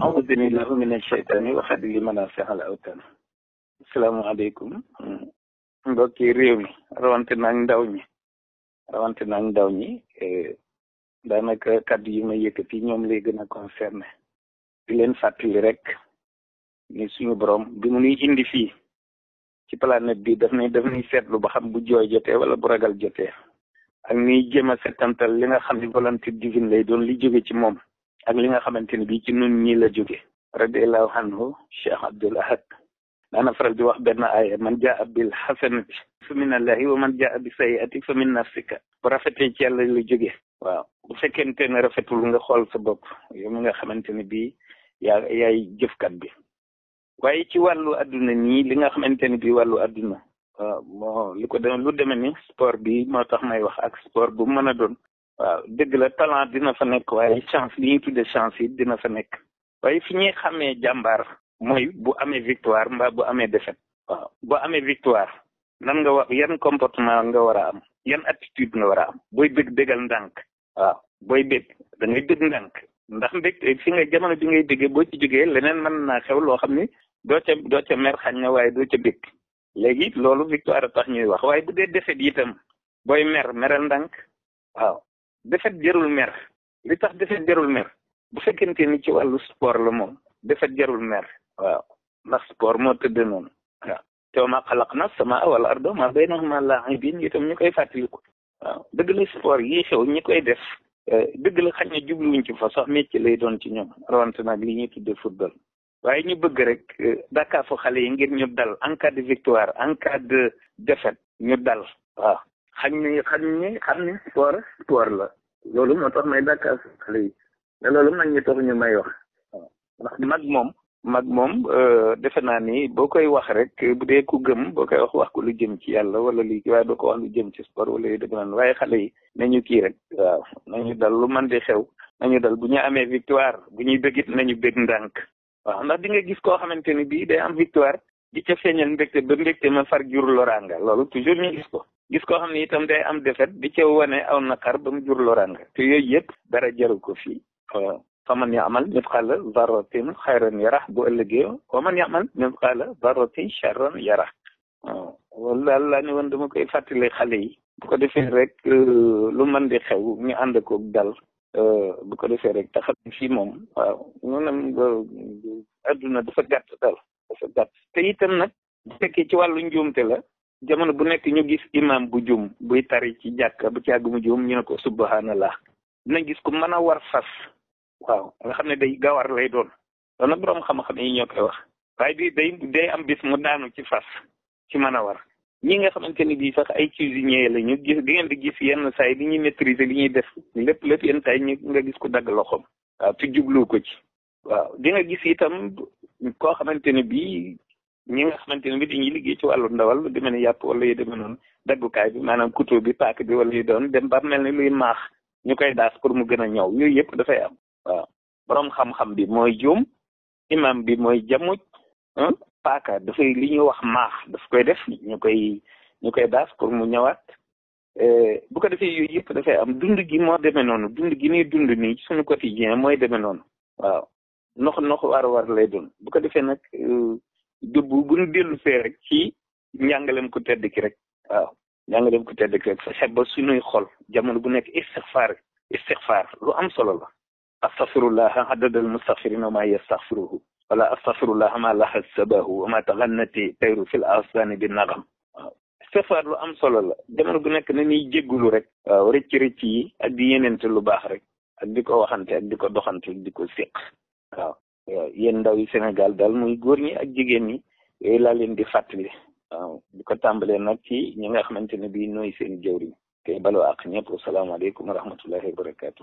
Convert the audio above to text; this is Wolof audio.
أعوذ بالله من الشيطان waxat li mën a fexal awtan asalaamaaleykum mbokki réew mi rawante naag ndaw ñi rawante naag ndaw ñi eh, daanaka kàddu yi ma fii ñoom lay gën a concerné di leen fàttali rek ni suñu borom bi mu nuy indi fii ci planète bi daf ne daf nuy seetlu ba xam bu jooy jotee wala bu ragal jotee ak niy jéem a settantal li nga xam ne volonté divine lay doon li jóge ci moom ak li nga xamante ne bii ci nun ñi la jóge radiallahu anhu cheikh abdul ahad daana faral di wax benn aaya man jaa bil bi fa min allahi wa man jaa bi sayiati fa min nafsika bu rafetee ci yàlla la jóge waaw bu fekkente ne rafetul nga xool sa bopp yow mi nga xamante ne bii yaa yaay jëfkat bi waaye ci wàllu adduna nii li nga xamante ne bii wàllu adduna moo li ko demee lu demee ni sport bi moo tax may wax ak sport bu mën a doon waaw dëgg la talent dina fa nekk waaye chance li ñuy tudde chance yi dina fa nekk waaye fi ñuy xamee jàmbaar mooy bu amee victoire mbaa bu amee defet waaw bu amee victoire nan nga wa yan comportement nga war a am yan attitude nga war a am booy bëgg bëggal ndànk waaw booy bëgg da ngay bëgg ndànk ndax mbëgg fi nga jamono bi ngay bëggee boo ci jógee leneen mën naa xew loo xam ni doo ca doo ca mer xañ na waaye doo ca bëgg léegi loolu victoire tax ñuy wax waaye bu dee défaite itam booy mer meral ndànk defet jarul mer li tax defet jarul mer bu fekkente ni ci wàllu sport la moom defet jarul mer waaw ndax sport moo tëdd noonu waaw te ma xalaq na sama wal ardo ma bii laibin itam ñu koy fàttaliku waaw dëgg la sport yi xew ñi koy def eh, dëgg la xañ na jubluwuñ ci fa sax métier lay doon ci ñoom rawante nag li ñuy tuddee football waaye ñu bëgg rek eh, dakaafu xale yi ngir ñu dal en cas de victoire en cas de défaite ñu dal waaw xañ ni xañ ni xam ni sport sport la loolu moo tax may dàkkaas xale yi ne loolu mag ñi tax ñu may wax ndax mag moom mag moom euh, defe naa ni boo koy wax rek bu dee ku gëm boo koy wax wax ko lu jëm ci yàlla wala lii waaye doo ko wax lu jëm ci sport wala yu dëgg naan waaye xale yi nañu kii rek waaw nañu dal lu man di xew nañu dal bu ñu amee victoire bu ñuy bëggit nañu bëgg ndànk waaw ndax di nga gis koo xamante ni bii day am victoire di ca feeñal mbégte ba mbégte ma far jur loraanga loolu toujours ñu gis ko gis koo xam ne itam day am defet di ca wane aw naqar ba mu jur loraange te yooyu yëpp dara jaru ko fii euh, faman yaamal misqaala zarratin xayran yarax bu ëllëgee waman yaamal misqaala zarratin charran yarax euh, loolu daal laa ne woon dama koy fàttali xale yi bu ko defee rek euh, lu man di xew ñu ànd ko dal bu ko defee rek taxam fii moom waaw noonam adduna dafa gàtt daal dafa gàtt te itam nag bu fekkee ci wàllu njuumte la jamono bu nek ñu gis imam bu jum buy tari ci jakk bu ci àgg mu jum ñu ko subhanallah gis ku mëna war fas waaw nga xamne day gawar lay doon loolu borom xam-xam yi ñoo koy wax way bi day day am bis mu daanu ci fas ci mëna war ñi nga xamanteni bi sax ay cuisinier la ñu gis di ngeen di gis yenn say yi di ñuy maîtriser li ñi def lepp lepp yenn tay yi nga gis ku dag loxom waaw jublu ko ci waaw di nga gis itam ko xamanteni bi ñi nga xamante ne bi dañuy liggéey ci wàllu ndawal lu demee ne yàpp wala yu demee noonu daggukaay bi maanaam couteau bi paak bi wala yu doon dem ba mel ni luy maax ñu koy daas pour mu gën a ñëw yooyu yëpp dafay am waaw boroom xam-xam bi mooy juum imam bi mooy jamuj paaka dafay li ñuy wax maax daf koy def ñu koy ñu koy daas pour mu ñëwaat eh, bu ko defee yooyu yëpp dafay am dund gi moo demee noonu dund gi nii dund nii suñu quotidien mooy demee noonu waaw nox nox war lay doon bu defee nag euh, bu bu ñu dellu fee rek ci njàngaleem ku tedd ki rek waaw njàngaleem ku tedd ki rek fexe ba suñuy xol jamono bu nekk istixfaar istixfaar lu am solo la astaghfirullah adada al mustaghfirina ma yastaghfiruhu wala astaghfirullah ma lahat sabahu wa ma taghannati tayru fil asani bi nagam istixfaar lu am solo la jamono bu nekk na ñuy jéggulu rek waaw rëcc rëcc yi ak di yenente lu baax rek ak di ko waxante ak di ko doxante di ko séq waaw Euh, yéen ndaw yi Sénégal daal muy góor ñi ak jigéen ñi yooyu laa leen di fàttali waaw di ko tàmbalee nag ci ñi nga xamante ne bii nooy seen jawriñ tey baloo ak ñëpp asalaamaaleykum wa rahmatullahi wa barakaatu.